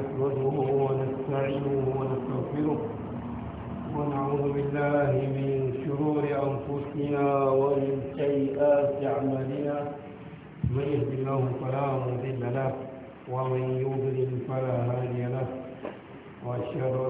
نحمده ونستعينه ونستغفره ونعوذ بالله من شرور أنفسنا ومن سيئات أعمالنا من يهد الله فلا مضل له ومن يضلل فلا هادي له وأشهد أن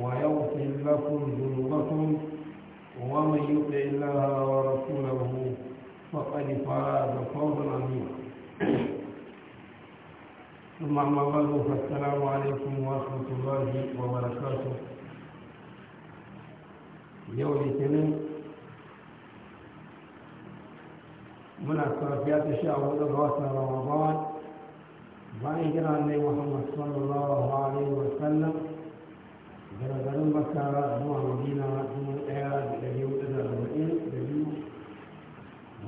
ويغفر لكم ذنوبكم ومن يطع الله ورسوله فقد فاز فوزا عظيما ثم اما بعد فالسلام عليكم ورحمه الله وبركاته يوم الاثنين من الصلاحيات الشعب ودراسة رمضان بعد النبي محمد صلى الله عليه وسلم daga garin makka zuwa madina dubu ɗaya da ɗari hudu da arba'in da biyu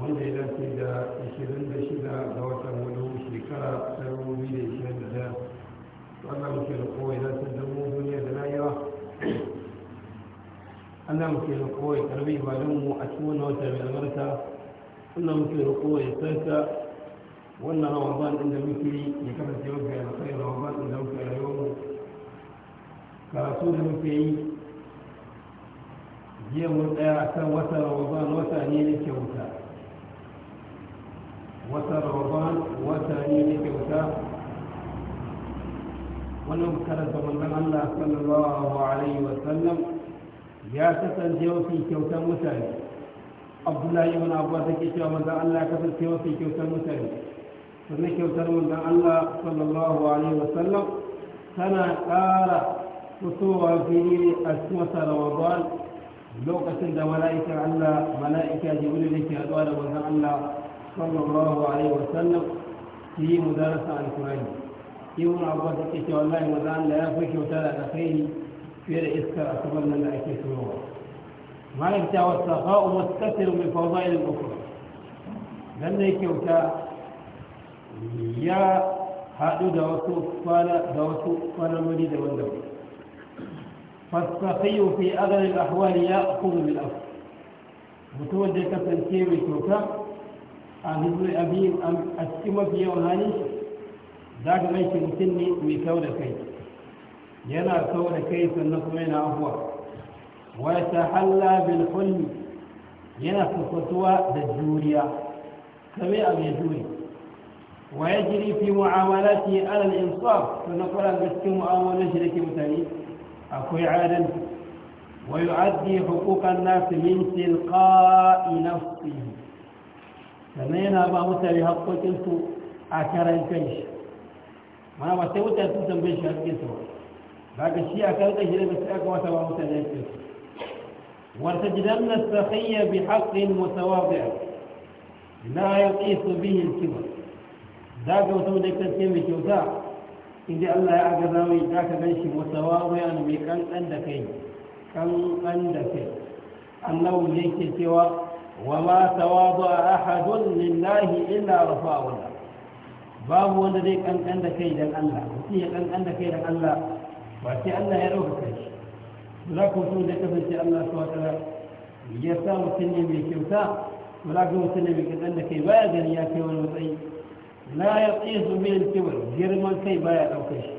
wanda ya dace da ashirin da shida ga watan hudu shekara ta dubu biyu da ishirin da ɗaya wannan muke da kowai dace da mu duniya da rayuwa Allah muke da kowai karbi ibadanmu a cikin wannan wata mai albarka Allah muke da kowai sarka wannan ramadan inda muke ya kasance mafi alkhairi ramadan inda muke rayuwar karatu da muke yi jiya mun tsaya a kan wata ramadan wata ne na kyauta wata ramadan wata ne na kyauta wannan karanta da Allah sallallahu alaihi wa sallam ya kasance mafi kyautar mutane abdullahi ibn abbas yake cewa maza Allah ya kasance mafi kyautar mutane sannan kyautar da Allah sallallahu alaihi wa sallam tana ƙara fitowa fili a cikin wata ramadan lokacin da mala'ikan allah mala'ika jibril da ke haɗuwa da manzon allah sallallahu alaihi wasallam su yi mudarasa alkurani ibn abbas yake cewa wallahi manzon allah ya fi kyauta da alkhairi fiye da iskar asabar nan da ake turowa malam ta wasa fa'u mustatir min fadail al-ukhra dan ne kyauta ya haɗu da wasu kwana da wasu kwana wani daban-daban فالسخي في أغلب الأحوال يأخذ بالأصل متوجه كثيرا بتوكا عن هزر أبيهم أم أسكما في يوهاني ذاك ما مسني بكور كيف ينا كور كيف النقمين أفوا ويتحلى بالحلم ينا سفتوى دجوريا كما أبي ويجري في معاملاته على الإنصاف فنقول أن بسكي معاملة شركة أكوي عادل ويؤدي حقوق الناس من تلقاء نفسه سنين أبا موسى حقوق السوء أكرا الكيش ما أبا سوت أسوسا بيش حقوق السوء باقي الشيء أكرا الكيش لما سأك وتبا مثل الكيش وتجدن السخية بحق متواضع لا يقيس به الكبر ذاك وتودك تسمي كوتا inda Allah ya aga zamani za ka gan shi musawa wayan mai kankan da kai kankan da kai Allah annabu yake cewa wa ma tawadu ahadun lillahi illa rafa'u babu wanda zai kankan da kai dan Allah mutum ya kankan da kai dan Allah ba sai Allah ya dauka kai za ku so da kasance Allah subhanahu wa ta'ala ya sa mutum ne mai kyauta ba za ka mutum ne mai kankan da kai baya gani ya kai wani matsayi la ya tsaye min kibar girman kai baya ɗaukar shi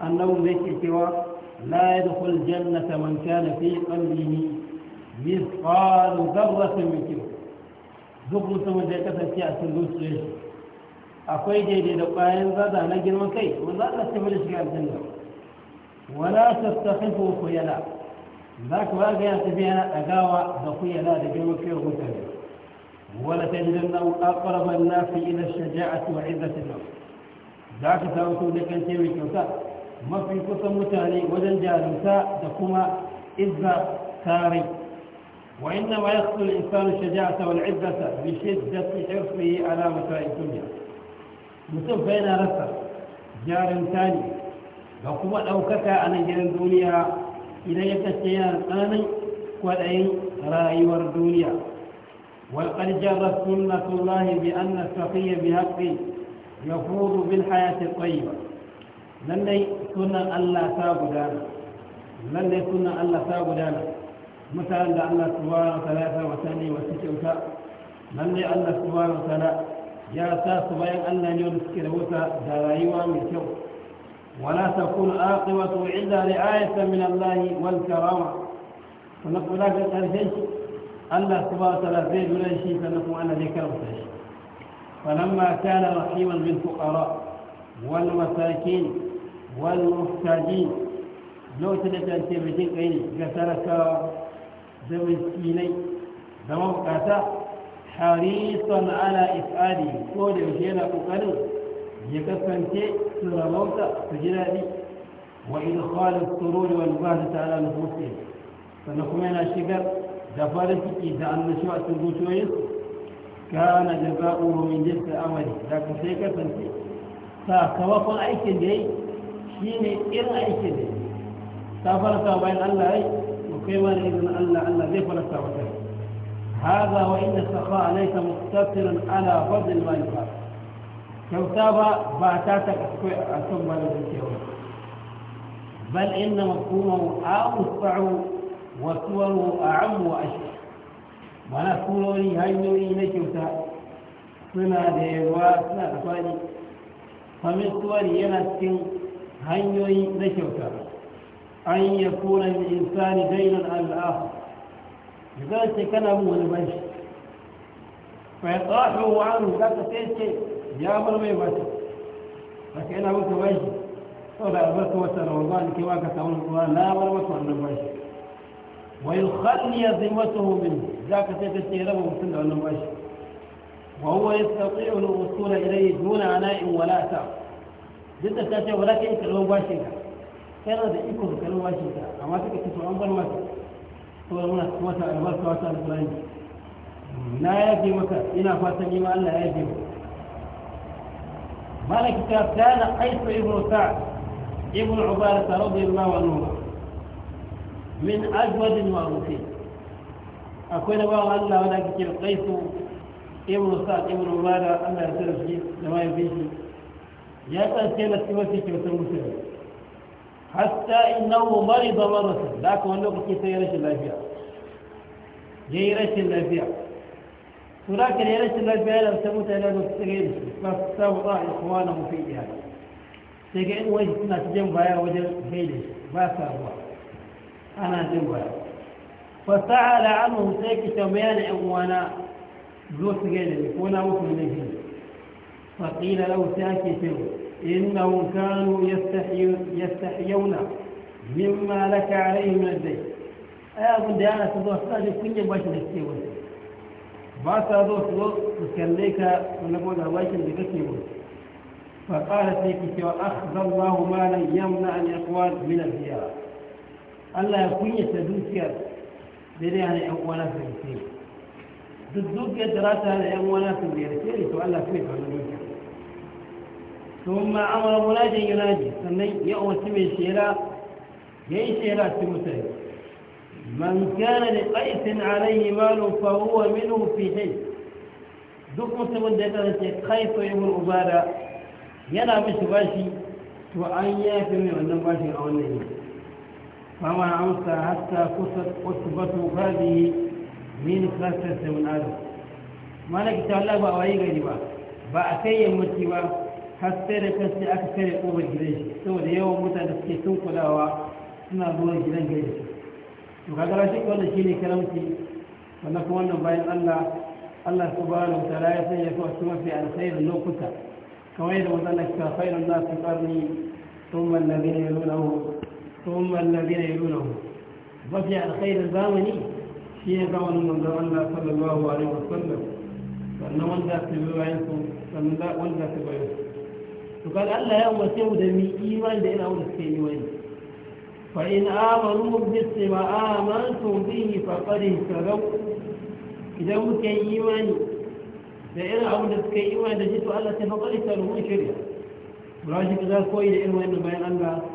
annabi mai ke cewa la ya dukul jannata man kana fi qalbihi mithqalu dharratin min kibar duk mutumin da ya kasance a cikin zuciyar shi akwai daidai da ƙwayan zaza na girman kai wanda Allah ta bada shiga aljanna wala tastakhifu khuyala zaka ba ga ya tafiya na dagawa da khuyala da girman kai mutane ولتجدنه أقرب الناس إلى الشجاعة وعزة النفس ذاك ساوتو لك انتوي كوتا ما في كوتا متالي وجل جالوتا تكوما إذا ساري وإنما يقتل الإنسان الشجاعة والعزة بشدة حرصه على مسائل الدنيا نصف بين رسا جار ثاني وكما لو كتا أن جار الدنيا إذا يتشيان آني ودعين رأي ورد الدنيا وقد جرت سنة الله بأن السقي بحق يفوض بالحياة الطيبة للي سنة الله تابدانا للي سنة الله تابدانا مثلا دا الله سبحانه ثلاثة وثاني وتشعوتا للي الله سبحانه ثلاثة يا ساس بيان الله يمسك لوتا درايوا من شو ولا تكون آقوة إلا رعاية من الله والكرامة فنقول لك الأرجنش الله سبحانه وتعالى زيد ولا شيء فنقوم أنا ذكرته فلما كان رحيما بالفقراء والمساكين والمحتاجين لو تلت أن تبتين قيني قسرك زمسيني دمام قاسا حريصا على إفعاله قول وشينا قلو يكفن تي سورة موتا سجنادي وإدخال السرور والبعد تعالى نفوسه فنقومنا شكر da farin ciki da annashi a cikin zuciyoyin kana da ba'uru min jinsa amali da ka sai kasance sakamakon aikin da ya yi shi ne irin aikin da ya yi ta farka bayan allah ya yi to kai ma da izinin allah allah zai farka wata هذا وإن السخاء ليس مقتصرا على فضل المنفعة kyauta ba ba ta ta kaskwai a kan malamin kyau bal inna mafhumahu a musfa'u wasuwaru a amu wa mana surori hanyoyi na kyauta suna da yawa suna da fadi famin suwari yana cikin hanyoyi na kyauta an ya kuna da insani dainan al'ahu da zai ce kana mu wani bashi shi. ya tsaho wa an za ka sai ce ya bar mai Ba ba ka yana maka shi. sau da albarka wata rawa ba da kewa ka samu ruwa na bar masa wannan shi. ويخلي ذمته منه ذاك سيكسيره ومسند عن المؤشر وهو يستطيع الوصول إليه دون عناء ولا أثار ضد تاتي ولكن كلمة باشرة كان هذا يكون كلمة باشرة أما تكتب أنظر ما تقول هنا كمسا أنظر كمسا الفلاني لا يجي مكة إنا فاتني ما لا يجي مالك كان حيث ابن سعد ابن عبارة رضي الله عنه min ajwadin ma'rufin akwai na bawan Allah wanda ake kira qaisu ibnu sa'd ibnu mala Allah ya tsare shi da mai bishi ya tsaye na sifati kyautar musulmi hatta innahu marida marasa da aka wani lokaci sai ya rashin lafiya ya yi rashin lafiya tura ka da rashin lafiya yana ta mutane da su tsire da su ba su samu ba a kuma na mafi iya sai ga yan uwan suna ta baya wajen haidai ba sa ruwa ana jin baya. fasa'ala anhu sai ki tambaya da yan uwana zo su ga da ko na muku ne shi fa qila law ake fi innahum kanu yastahyuna mimma laka alayhim min dai ai abin da yana zuwa sai kun yi bashi da ke wani ba sa zo su zo su kalle ka wani ko da bakin da kake wani fa qala sai ki cewa akhadha Allahu ma lam yamna an yaqwa min al-ziyara الله يكون يتدوسيا بلي أنا أولا في السير تدوك يدرات هذا أولا في السير تؤلا فيه على الوجه ثم عمر مناجي يناجي سنين يأوى سمي شيرا يأي شيرا سمتين من كان لقيس عليه مال فهو منه في حي دوك مسلمون دائما خيط يمر أبارا ينا مش وأن يأتي من أن باشي أولا فما أمسى حتى كسر قصبة هذه من خلصة من أرض ما لك تعالى بأوعي غريبا بأكي يمتوا حتى لكسي أكثر قوة جريش سوى اليوم متى نسكي سوق دعوة سنة دور جريش جريش وكذا لا شك شيني كلمتي كلامتي أنه بين الله الله سبحانه وتعالى يسير في أن الخير اللوكتا كما يدعو ذلك خير الناس في قرني ثم الذين يلونه ثم الذين يلونه mafi alkhairin zamani shi ne zamanin manzan Allah sallallahu alaihi wasallam sannan wanda su bi bayan su sannan wanda su bayan su to kaga Allah ya umarce mu da mi imani da ina wanda suke imani fa in amanu bi ma amantum bihi faqad ihtadaw idan muke imani da irin abin da suka yi imani da shi to Allah ta faɗa ita ruhun shari'a shi za koyi da irin bayan Allah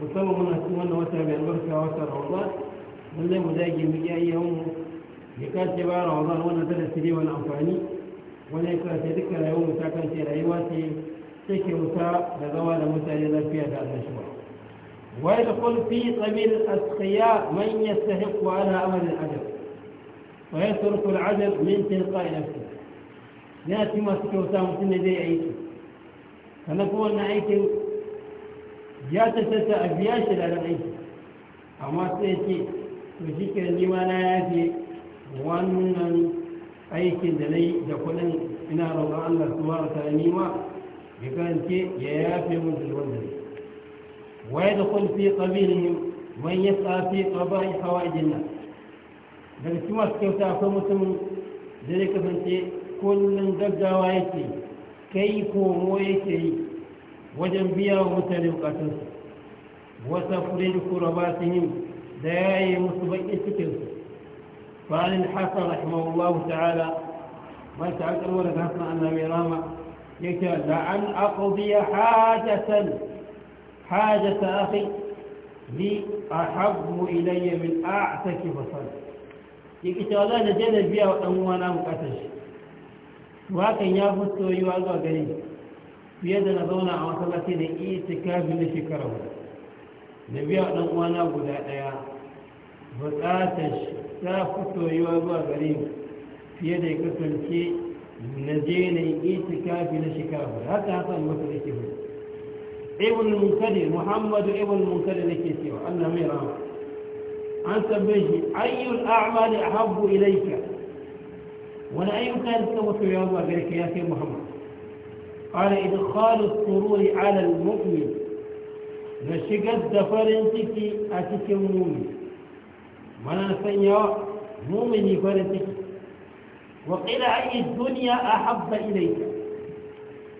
musamman muna cikin wannan wata mai albarka wata ramadan lallai mu dage mu iya iya mu ya kace ba ramadan wannan darasi ne wani amfani wani ya kace dukkan rayuwar mu ta kace rayuwa ce take wuta da zama da mutane lafiya da annashuwa ويدخل في سبيل الأسقياء من يستحق على أمر الأجر ويترك العجل من تلقاء نفسه يأتي ما سكوتا مسنة دي عيسو فنكون عيسو ya tattata a biya shi da aiki amma sai ce to shi ke nima na ya ce wannan aikin da na yi da kudin ina roƙon allah su mara ta nima ya kance ya yafe mun zulwan da waya da kun fi ƙabilin man ya tsafi ƙabar hawa jinna daga cikin masu kyauta akwai mutum da zai kasance kullum gaggawa yake kai komo yake yi wajen biya wa mutane bukatunsu wata kure da kura ba su yi da ya yi musu baƙin cikinsu fa'alin hasan rahimahullahu ta'ala ba ta akarwa daga hasan annabi rama ya ce da an aqdiya hajatan hajata akhi li ahabbu ilayya min a'taki basar yake cewa za da je da biya wa ɗan uwana bukatar shi hakan ya fi soyuwa zuwa gare fiye da na zauna a masallaci na itikafi na shekara guda da biya ɗan uwana guda ɗaya buƙatar ta fito yiwa zuwa gare mu fiye da ya kasance na je na itikafi na shekara guda haka hasan masu da ke hudu ibn munkari muhammadu ibn munkari na ke cewa allah mai rama an tambaye shi ayyul a'mali ahabbu ilayka wani ayyuka da suka mutu ya zuwa gare ka ya kai muhammad قال إدخال السرور على المؤمن نشقد دفرن أتك المؤمن من سنيا مؤمن فرن وقيل أي الدنيا أحب إليك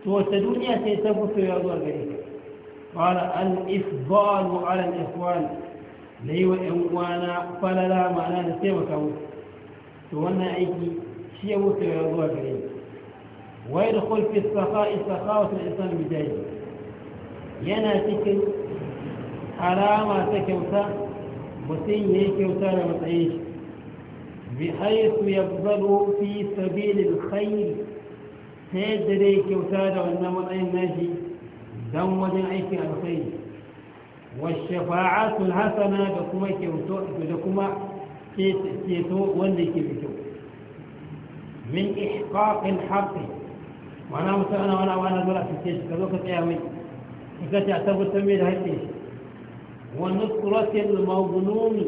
توت الدنيا تتبث يا الله غريك قال الإفضال على الإخوان ليو إموانا فلا لا معنى نسيبك تو وانا أيكي شيء وث يا الله ويدخل في السخاء سخاوة الإنسان بجانب ينا تكن حرامة تكوتا وسين يكوتا لما تعيش بحيث يفضل في سبيل الخير تدري كوتا لما تعيش ناجي دم ودنعيك على الخير والشفاعات الحسنة لكما كوتا لكما كيتو ولي كيتو من إحقاق الحق mana mutum ana wani zura su ce shi ka zo ka tsaya mai ka ce a tabbatar mai da haƙƙe shi wannan da magunumi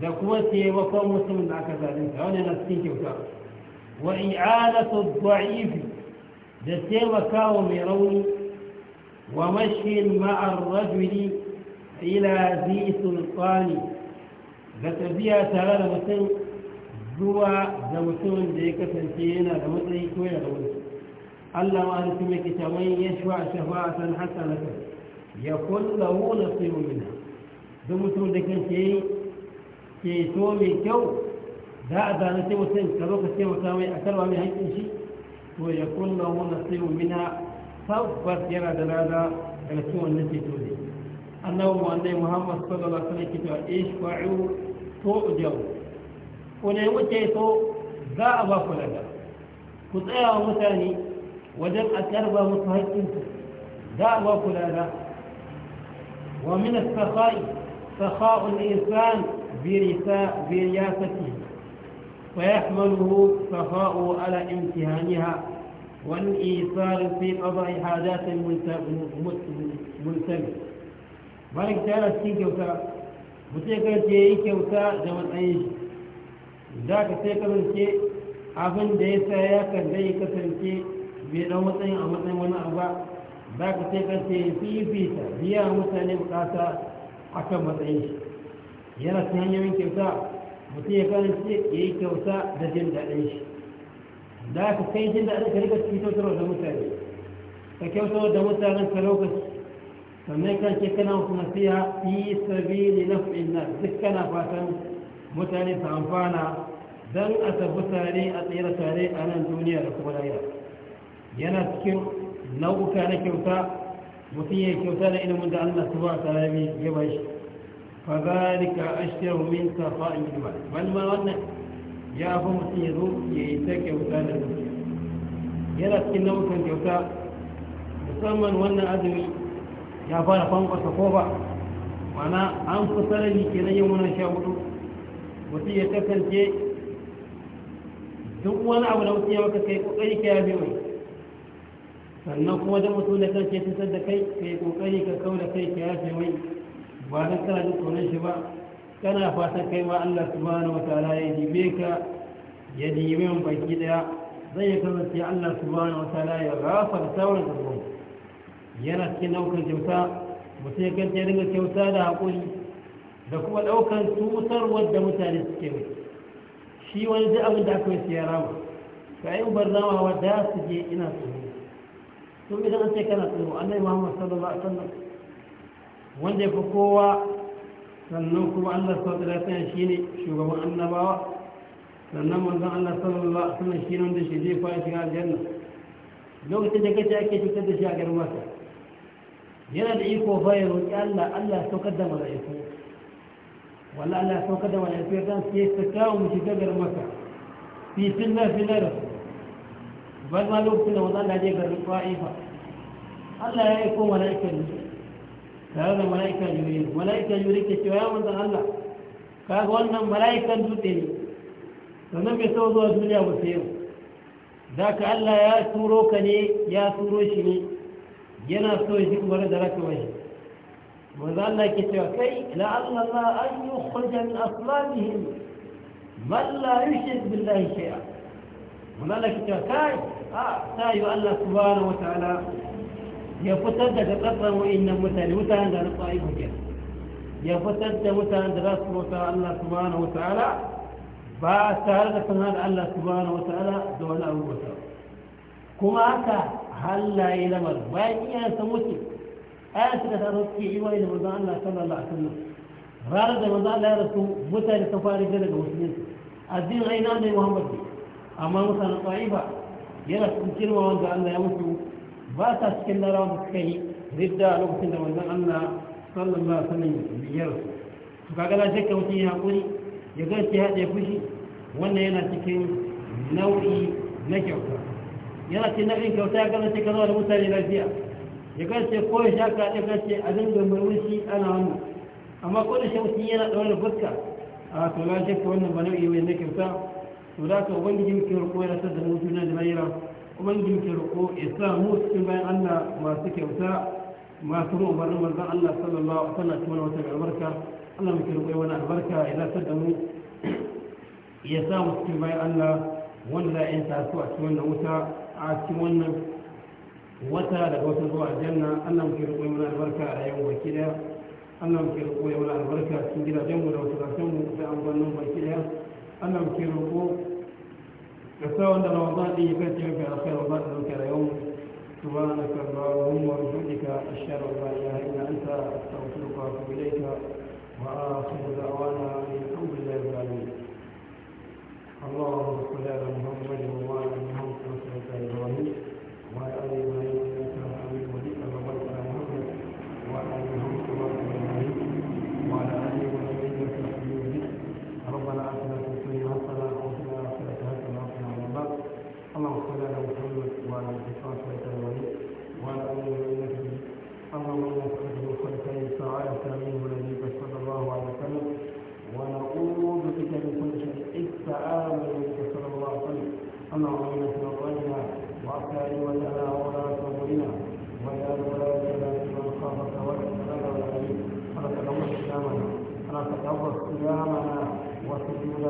da kuma taimakon mutum da aka zaɗin ta wani na cikin kyauta wa su da'ifi da taimakawa mai rauni wa mashin ma'ar rajuli ila zi sulfani da tafiya tare da mutum zuwa da mutumin da ya kasance yana da matsayi ko yana da wani Allah ma nufin mai kita mai ya shuwa shafa'atan hasanata ya kulla wuna tsiru mina duk mutum da kan ke to mai kyau za a zane sai mutum ka zo ka ce mata mai a karba mai haƙƙin shi to ya kulla wuna tsiru mina tabbas yana da rana daga cikin wannan ceto ne annabi mu muhammad sallallahu alaihi wasallam kita ishfa'u to jau ko ne mu ceto za a ba ku daga ku tsaya wa mutane وجل أتربى مصهد دعوة كلها ومن السخاء سخاء الإنسان برياسة برياسته فيحمله سخاء على امتهانها والإيثار في قضاء حاجات المنتبه بارك تعالى سيك يوتا بتيك تيك يوتا جمال أيش ذاك تيك من تيك أبن ديسا يا كدي كسن bai ɗau matsayin a matsayin wani abu ba za ka sai ka ce fifita biya mutane bukata a kan matsayin shi yana ta hanyoyin kyauta mutum ya ce ya yi kyauta da jin daɗin shi da ka kai jin daɗin ka rika cutar da mutane ka kyauta da mutanen ka lokaci sannan kan ce kana wasu nasiha fi sabili na ina duk kana fatan mutane su amfana don a tabbatare a tsira tare a nan duniya da kuma lahira yana cikin nau'uka na kyauta mutum ya kyauta da ilimin da Allah su ba ta rami ya ba shi fa zalika ashtaru min safa'in ilma wani ma wannan ya fi mutum ya zo ya yi ta kyauta da zuciya yana cikin nau'ukan kyauta musamman wannan azumi ya fara fankwasa ko ba mana an fi sarari ke na yin wannan sha hudu mutum ya kasance duk wani abu da mutum ya maka kai kokari ka yabe mai sannan kuma da mutum da kanke cutar da kai ka yi kokari ka kau da kai ka yafe mai ba na kana da tsoron shi ba kana fatan kai ma Allah subhanahu ala ya dibe ka ya yi mu baki daya zai ya sai Allah subhanahu ala ya rafa da sauran zuwa yana cikin daukar kyauta mutum ya kanta dinga kyauta da haƙuri da kuma daukar tutar wadda mutane suke mai shi wani duk abin da aka yi siyara ba ka yi bar wadda su je ina tsoro sun bi zan ce kana tsoro annai muhammad sallallahu alaihi wasallam wanda ya kowa sannan kuma allah sallallahu alaihi wasallam shine shugaban annabawa sannan manzon allah sallallahu alaihi wasallam shine wanda shi zai fara shiga aljanna lokacin da kace ake cutar da shi a garin masa yana da iko fa ya roƙi allah allah ya saukar da mala'iku wala allah ya saukar da mala'iku ya kan sai ta kawo mu shiga garin masa fi filla fi da bar ma lokacin da wanzu Allah je garin fa'ifa Allah ya aiko mala'ika ne tare da mala'ika jibril mala'ika jibril ke cewa ya manzan Allah kaga wannan mala'ikan dutse ne sannan bai sau zuwa duniya ba sai yau za ka Allah ya turo ka ne ya turo shi ne yana so ya ji kuma da raka wani wanzan Allah ke cewa kai la'allallah an yi hujjar aslamihim man la yushrik billahi shay'a manzan da ke cewa kai ta yi Allah subhanahu wa ta'ala ya fitar daga tsatsan wa'annan mutane mutanen da rufa yi hujja ya fitar da mutanen da za su bauta Allah subhanahu wa ta'ala ba tare da sun da Allah subhanahu wa ta'ala da wani abu ba kuma haka halaye lamar bayan iyayen san wuce ayat da ta suke yi wani da manzon Allah sallallahu alaihi wa wasallam ranar da manzon Allah ya rasu mutane ta fara daga musulunci addinin aina ne Muhammad amma mutanen ba yana cikin girma wanda Allah ya mutu ba ta cikin larawa da suka yi ridda a lokacin da wannan Allah sallallahu alaihi wasallam biyar to kaga na shakka mutum ya haƙuri ya ga shi haɗe fushi wannan yana cikin nau'i na kyauta yana cikin nau'in kyauta ya gana cikin zuwa da mutane lafiya ya ga shi ko ya shaka ya ga shi a dinga murmushi ana wannan amma ko da shauki yana ɗaure fuska a to na shakka wannan ba nau'i mai na kyauta to da ka ubangiji muke roƙo ya rasar da mu juna da maira ubangiji muke roƙo ya sa mu cikin bayan Allah masu kyauta masu ruwan barin manzon Allah sallallahu alaihi wasallam cikin wata albarka Allah muke roƙo wani albarka ya rasar da mu ya sa mu cikin bayan Allah wanda za a yi tasu a cikin wannan wuta a cikin wannan wata daga wata zuwa janna Allah muke roƙo wani albarka a rayuwar baki daya Allah muke roƙo wani albarka cikin gidajenmu da wasu mu da amfanin baki daya أنا مكيروكو فسوى أن رمضان لي فاتحك على خير ذلك اليوم سبحانك اللهم وبحمدك أشهد أن لا إله إلا أنت أستغفرك وأتوب إليك وآخر دعوانا أن الحمد لله رب العالمين اللهم صل على محمد وعلى محمد وعلى آل إبراهيم وعلى آل إبراهيم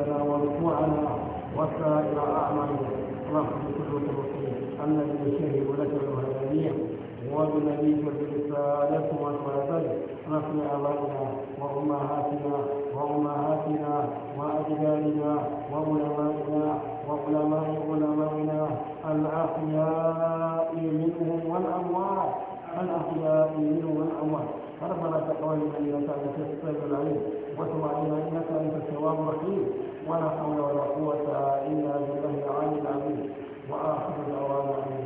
لنا ورفوعنا وسائر أعمالنا اللهم بكل المسلمين الذي يشهد لك بالوهدانية وبنبيك برسالة وسلطان رحم أبائنا وأمهاتنا وأمهاتنا وأجدادنا وعلمائنا وعلماء علمائنا الأحياء منهم والأموات الأحياء منهم والأموات ربنا تقبل منا أنت السميع العليم وتب إنك أنت الثواب الرحيم ولا حول ولا قوة إلا بالله العلي العظيم وآخر دعوانا